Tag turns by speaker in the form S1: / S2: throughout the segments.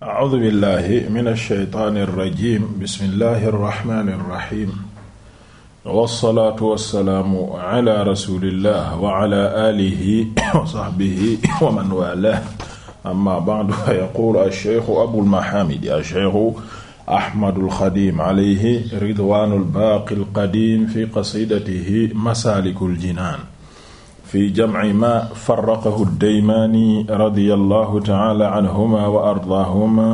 S1: a'uuzu billahi min ash-shaytaani ar-rajiim bismillahi ar-rahmaani ar-rahiim wassalaatu wassalaamu ala rasulillah wa ala aalihi wa sahbihi wa man waalaahu amma ba'du fa yaquulu ash-shaykhu abul mahaamid ash-shaykhu ahmadul xadiim alayhi ridwaanul baaqil qadiim fi qasiidatihi masaalikul jinaan fi jamci ma farraqahu ddaymaani radiyallahu ta'ala anhuma wa ardaahuma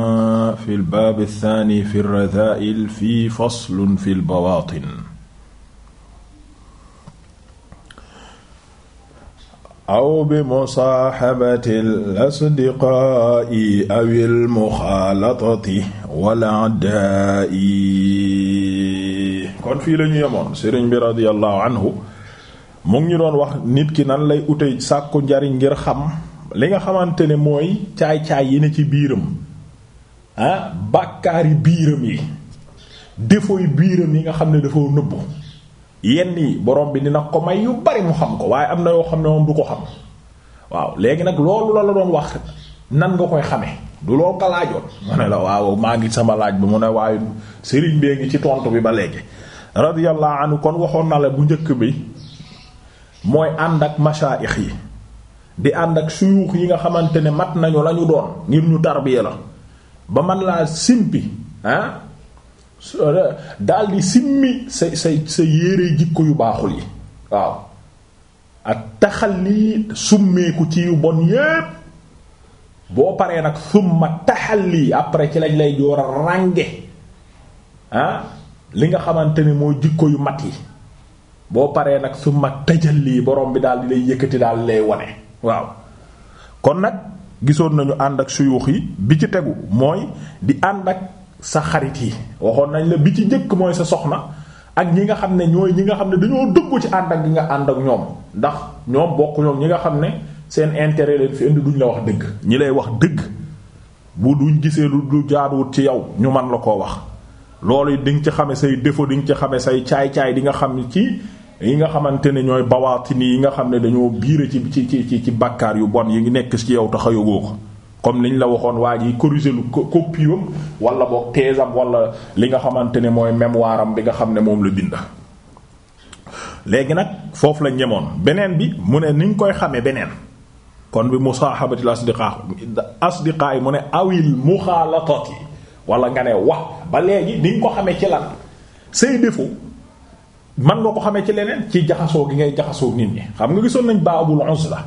S1: fi lbaabi thaani fi radaa'il fi faslun fi lbawaatin. aw bi musaahabati l-asdiqaa'i aw al-muxaalatati wal-a'daa'i. kon fii la ñu yemoon sëriñ bi radiyallahu anhu. mu ngi doon wax nit ki nan lay ute sàkku njariñ ngir xam li nga xamante ne mooy caay-caay yi ne ci biiram ah bàkkaari biiram yi defooy biiram yi nga xam ne dafa nëbbu yenn yi borom bi dina ko may yu bari mu xam ko waaye am na yoo xam ne moom du ko xam waaw léegi nag loolu la la doon wax nan nga koy xamee du loo ko laajoon mu ne la waaw maa ngi sama laaj bi mu ne waaye sëriñ bee ngi ci tontu bi ba léegi radiyallahu kon waxoon na la bu njëkk bi mooy ànd ak mashaayix yi di ànd ak suyuux yi nga xamante ne mat nañu lañu doon ngir ñu tarbiya la ba man laa simpi ah euh, di simmi sa sa sa yére jikko yu baaxul yi waaw ak taxalli summeeku ci yu bon yépp boo paree nag summa taxalli après ci lañ lay joor a rànge ah li nga xamante ne mooy jikko yu mat yi boo paree nag su summa lii borom bi daal di lay yëkkati daal lay wane waaw kon nag gisoon nañu ànd ak suyuux yi bi ci tegu mooy di ànd ak sa xarit yi waxoon nañ la bi ci njëkk mooy sa soxna ak ñi nga xam ne ñooy ñi nga xam ne dañoo dëggu ci ànd ak gi nga ànd ak ñoom ndax ñoom bokk ñi nga xam ne seen intérêt leen fi duñ la wax dëgg ñi lay wax dëgg bu duñ gisee lu jaaduwut ci yow ñu man la ko wax loolu di nga ci xame say défaut di ci xame say caay-caay nga xam ci yi nga xamante ne ñooy bawaatini yi nga xam ne dañoo biire ci ci ci ci bàkkaar yu bon yi ngi nekk ci yow tax a yógoo ko comme ñu la waxoon waa ji corriger lu copie am wala boog thèse am wala li nga xamante ne mooy mémoire am bi nga xam ne moom la bind. léegi nag foofu la ñemoon beneen bi mu ne niñ koy xamee beneen kon bi musaahabatil asdiqaa asdiqaa yi mu ne awil muxaalatati wala nga ne wax ba léegi niñ ko xamee ci lan say défaut man nga ko xamee ci leneen ci jaxasoo gi ngay jaxasoo nit ñi xam nga gisoon nañ baabul uzla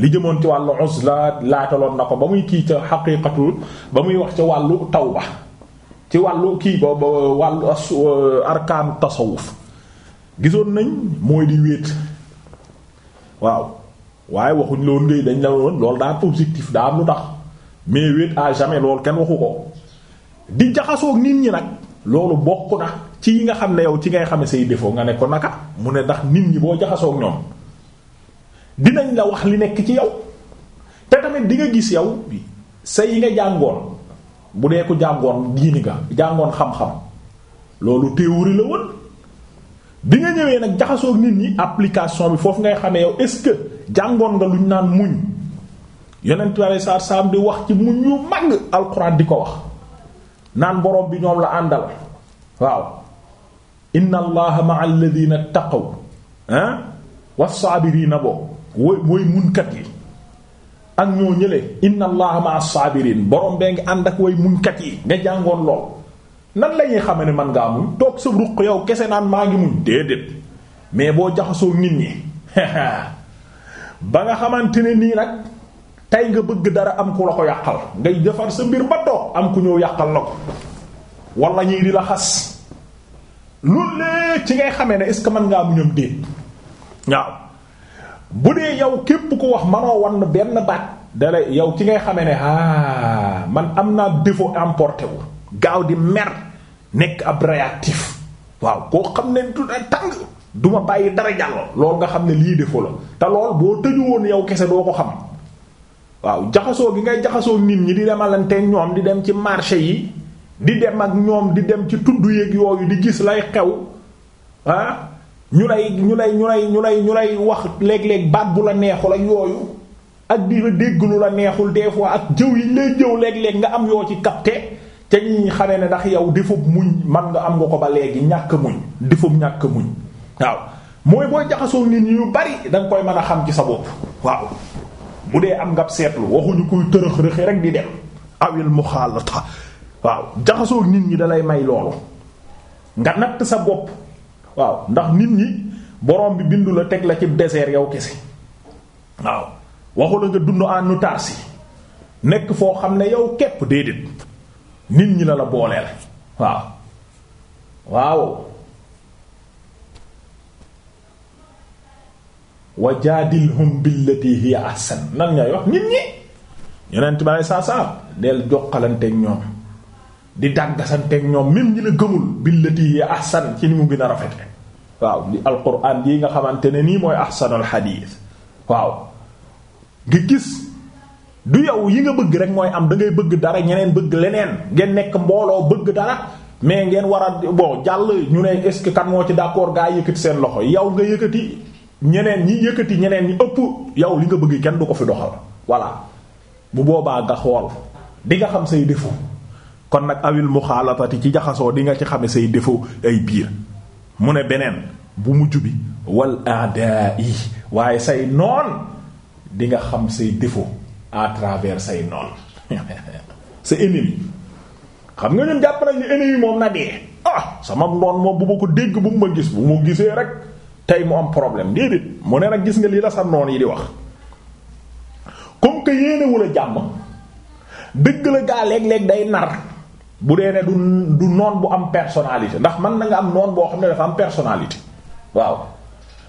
S1: li jëmoon ci wàllu la laataloon na ko ba muy kii ca xaqiiqatu ba muy wax ca wàllu ba ci wàllu kii ba wàllu euh, arkaanu tasawuf gisoon nañ mooy di wéet waaw waaye waxuñ loolu ngay dañ la lool loolu daa objectif daa am lu tax mais wéet à jamais loolu kenn waxu ko di jaxasoog nit ñi nag loolu bokk na ci yi nga xam ne yow ci ngay xame say défaut nga ne ko naka mu ne ndax nit ñi boo jaxasoo ñoom dinañ la wax li nekk ci yow te tamit di nga gis yow sa yi nga jàngoon bu dee ko jàngoon diini nga jàngoon xam-xam loolu théorie la woon bi nga ñëwee nag jaxasoo nit ñi application bi foofu ngay xamee yow est-ce que jàngoon nga lu ñu naan muñ yonent bi saa saam di wax ci muñ yu mag alxuraan di ko wax naan borom bi ñoom la àndal waaw inna allaha ma'a alladhina taqaw ah was-saabiriina boobu wooy mooy muñkat yi ak ñoo ñële inna allaha ma'a as-saabiriin borom bee ngi ànd ak way muñkat yi nga jàngoon lool nan la ñuy xamee ne man ngaa muñ toog sa ruq yow kese naan maa ngi mu déedéet mais boo jaxasoo nit ñi ba nga xamante ne nii nag tey nga bëgg dara am ku la ko yàqal ngay defar sa mbir ba toog am ku ñëw yàqal la ko wala ñii di la xas loolu léeg ci ngay xamee ne est ce que mën ngaa muñam déet waaw bu dee yow képp ku wax manoo wan benn baat dala yow ci ngay xamee ne ah man am naa défo emporté wu gaaw di mer nekk ab réactif waaw koo xam ne du tàng du ma bàyyi dara jàll loolu nga xam ne lii défaut la te lool boo tëju woon yow kese doo ko xam waaw jaxasoo gi ngay jaxasoo nit ñi di demalanteeg ñoom di dem ci marché yi di dem ak ñoom di dem ci tudd yéeg yooyu di gis lay xew ah ñu lay ñu lay ñu lay ñu lay ñu lay wax léeg-léeg baat bu la neexul ak yooyu ak di la la neexul des fois ak jëw yi lay jëw léeg-léeg nga am yoo ci capté te ñu xamee ne ndax yow defub muñ man nga am nga ko ba léegi ñàkk muñ defub ñàkk muñ waaw mooy booy jaxasoo nit ñi yu bari da koy mën a xam ci sa bopp waaw bu dee am nga seetlu waxuñu kuy tërëx rëxi rek di dem awil muxaalata waaw jaxasoo nit ñi dalay may loolu nga natt sa bopp waaw ndax nit ñi borom bi bindu la teg la ci désert yow kese waaw waxu la nga dund en si nekk foo xam ne yow képp déedéet nit ñi la la booleel waaw waaw wajaadilhum billati hiya ahsan nan ngay wax nit ñi yeneen tubaab yi saa saa del joxalanteeg ñoom. di dàggasanteeg ñoom même ñi la gëmul billati ahsan ci ni mu gën a rafete waaw li alquran yi nga xamante ne nii mooy ahsanul hadith waaw nga gis du yow yi nga bëgg rek mooy am da ngay bëgg dara ñeneen bëgg leneen ngeen nekk mbooloo bëgg dara mais ngeen war a bon jàll ñu ne est-ce que kan moo ci d'accord gaa yëkkati seen loxo yow nga yëkkati ñeneen ñi yëkkati ñeneen ñi ëpp yow li nga bëgg kenn du ko fi doxal voilà bu boobaa nga xool di nga xam say défaut kon nag awil muxaalatati ci jaxasoo di nga ci xame say défaut ay biir mu ne beneen bu mujj bi wal aada yi waaye say noon di nga xam say défaut à travers say noon sa ennemi xam nga ñun jàpp nañ ni ennemi moom na dee ah sama noon moom bu ma ko dégg bu ma gis bu mu gisee rek tey mu am problème déedéet mu ne nag gis nga lii la sa noon yi di wax comme que yéenewul a jàmm dëgg la gaa léeg-léeg day nar bu dee ne du du noon bu am personnalité ndax man na nga am noon boo xam ne dafa am personnalité waaw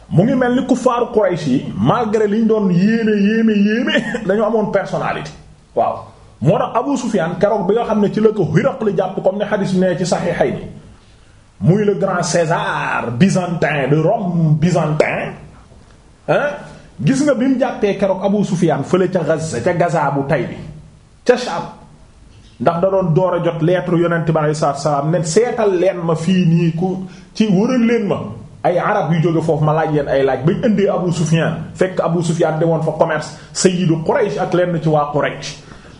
S1: mu ngi mel ni ku kuffaaru Quraysh yi malgré liñ doon yéeme yéeme yéeme dañu amoon personnalité waaw moo tax Abu Sufyan keroog bi nga xam ne ci la ko Hiraql jàpp comme ni xadis ne ci Sahihayni ni muy le grand César byzantin de Rome byzantin hein gis nga bi mu jàppee keroog Abu Sufyan fële ca Gaza ca Gaza bu tay bi ca Sham ndax da doon door a jot lettre yonent bi aleyhi salaatu salaam ne seetal leen ma fii nii ku ci wëral leen ma ay arab yu jóge foofu ma laaj leen ay laaj bañ indee Abu Sufyan fekk Abu Sufyan woon fa commerce sayyidu Quraysh ak lenn ci waa Quraysh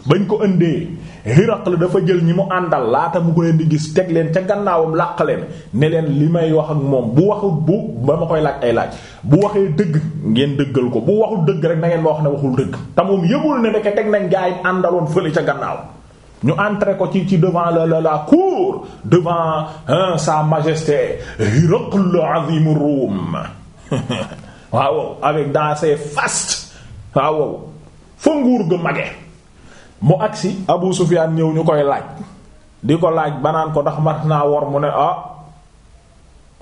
S1: bañ ko indee Hiraql dafa jël ñi mu àndal laata mu ko leen di gis teg leen ca gannaawam làq leen ne leen li may wax ak moom bu waxul bu ba ma koy laaj ay laaj bu waxee dëgg ngeen dëggal ko bu waxul dëgg rek na ngeen ma wax ne waxul dëgg te moom ne ndeke teg nañ gaa yi àndaloon fële ca gannaaw ñu entre ko ci ci devant la la la cour devant hein, sa majesté Hiraql azim Rum waaw avec dans ses fastes fa nguur ga mage mu agsi Abu Sufyan ñëw ñu koy laaj di ko laaj banaan ko ndax mat naa war mu ne ah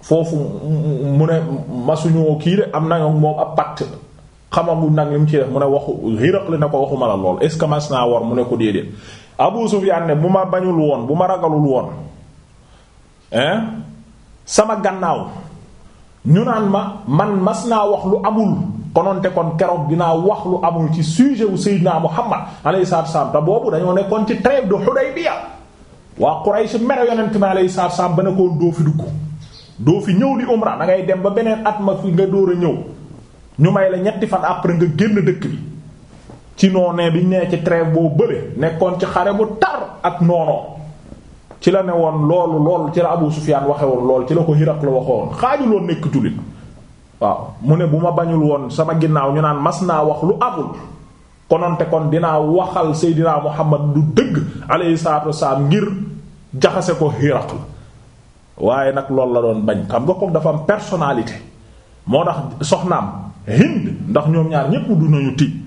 S1: foofu mu ne masuñoo kii de am nañu moom a pacte xamagu nag mu ci def mu ne waxu Hiraql na ko waxuma la lool est ce que mas naa war mu ne ko déedéet Abu Sufyaan ne bu ma bañul woon bu ma ragalul woon hein sama gannaaw ñu naan ma man mas naa wax lu amul kononte kon keroog dinaa wax lu amul ci sujet wu Seydina Muhammad alayhi salaatu wa salaam te boobu dañoo nekkoon ci trêve de Hudaybiya waa Quraysh mere yonent mi alayhi salaatu wa ba nekkoon doo fi dugg doo fi ñëw di umra da ngay dem ba beneen at ma fi nga dóor a ñëw ñu may la ñetti fan après nga génn dëkk bi ci noonee bi nee ci trêve boo bële nekkoon ci xare bu tar ak noonoo ci la ne woon loolu lool ci la Abu Sufyaan waxe lool ci la ko Hiraql la waxoon xaajuloon nekk jullit waaw mu ne bu ma bañul woon sama ginnaaw ñu naan mas naa wax lu amul kononte waxal Seydinaa Muhammad du dëgg alayhi salaatu wasalaam ngir jaxase ko Hiraql waaye nag loolu la doon bañ xam nga ko dafa am personnalité moo tax soxnaam Hind ndax ñoom ñaar ñépp du nañu tiit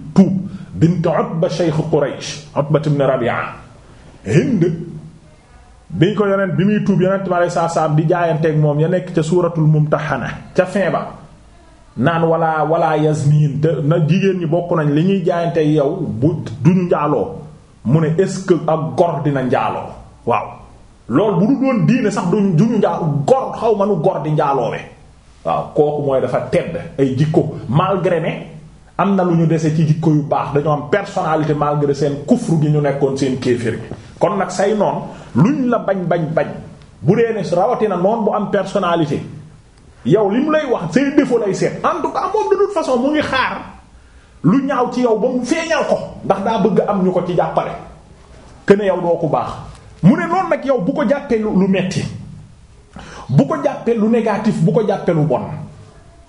S1: bint Utba shaykh Quraysh Utba ibn Rabi'a Hind bi muy tuub yonent saam di jaayanteeg moom ya nekk ca suuratul Mumtahana ca fin ba naan walla wala yasmin te na jigéen ñi bokk nañ li ñuy jaayanteeg yow bu duñu njaaloo mu ne est-ce que ak gor dina njaaloo waaw loolu bu du doon diine sax duñ duñu njaal gor xaw ma gor di njaaloowe waaw kooku mooy dafa tedd ay jikko malgré ne am na lu ñu dese ci jikko yu baax dañoo am personnalité malgré seen kufru gi ñu nekkoon seen kéefir gi kon nag say noon lu luñ la bañ bañ bañ bu dee ne rawatina noon bu am personnalité yow li mu lay wax say défaut lay seet en tout cas moom façon mu ngi xaar lu ñaaw ci yow ba mu feeñal ko ndax daa bëgg am ñu ko ci jàppale que ne yow doo ko baax mu ne noonu nag yow bu ko jàppee lu metti bu ko jàppee lu négatif bu ko jàppee lu bon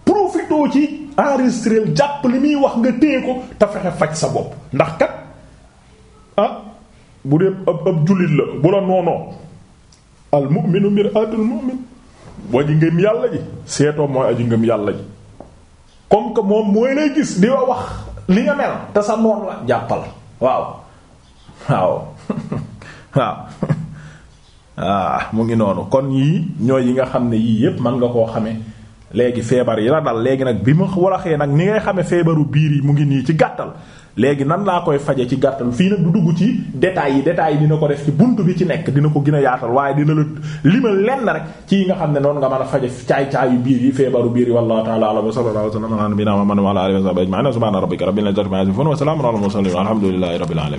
S1: profitoo ci. enregistré jàpp li muy wax nga téye ko te fexe faj sa bopp ndax kat ah bu dee ab ab jullit la bu la noonoo al mu'minu mir'atul mu'min waji ngëm yàlla ji seetoo mooy aji ngëm yàlla ji comme que moom mooy lay gis di wax li nga mel te sa noon la jàppal waaw waaw waaw ah, mu ngi noonu kon yii ñooy yi nga xam ne yii yépp mën nga koo xamee léegi feebar yi la dal léegi nag bi ma waraxee nag ni ngay xamee feebaru biir yi mu ngi nii ci gàttal léegi nan laa koy faje ci gàttal fii nag du dugg ci détails yi détails yi dina ko def ci bunt bi ci nekk dina ko gën a yaatal waaye dina la limal lenn rek ci nga xam ne noonu nga mën a faje caay-caayu biir yi feebaru biir yi wallahu ta'ala a'lam wa sallallahu alayhi wa sallam ala nabiyyina muhammadin wa ala alihi wa sahbihi ajma'in subhana rabbika rabbil izzati amma yasifun wa salamun ala al mursalin walhamdulillahi rabbil alamin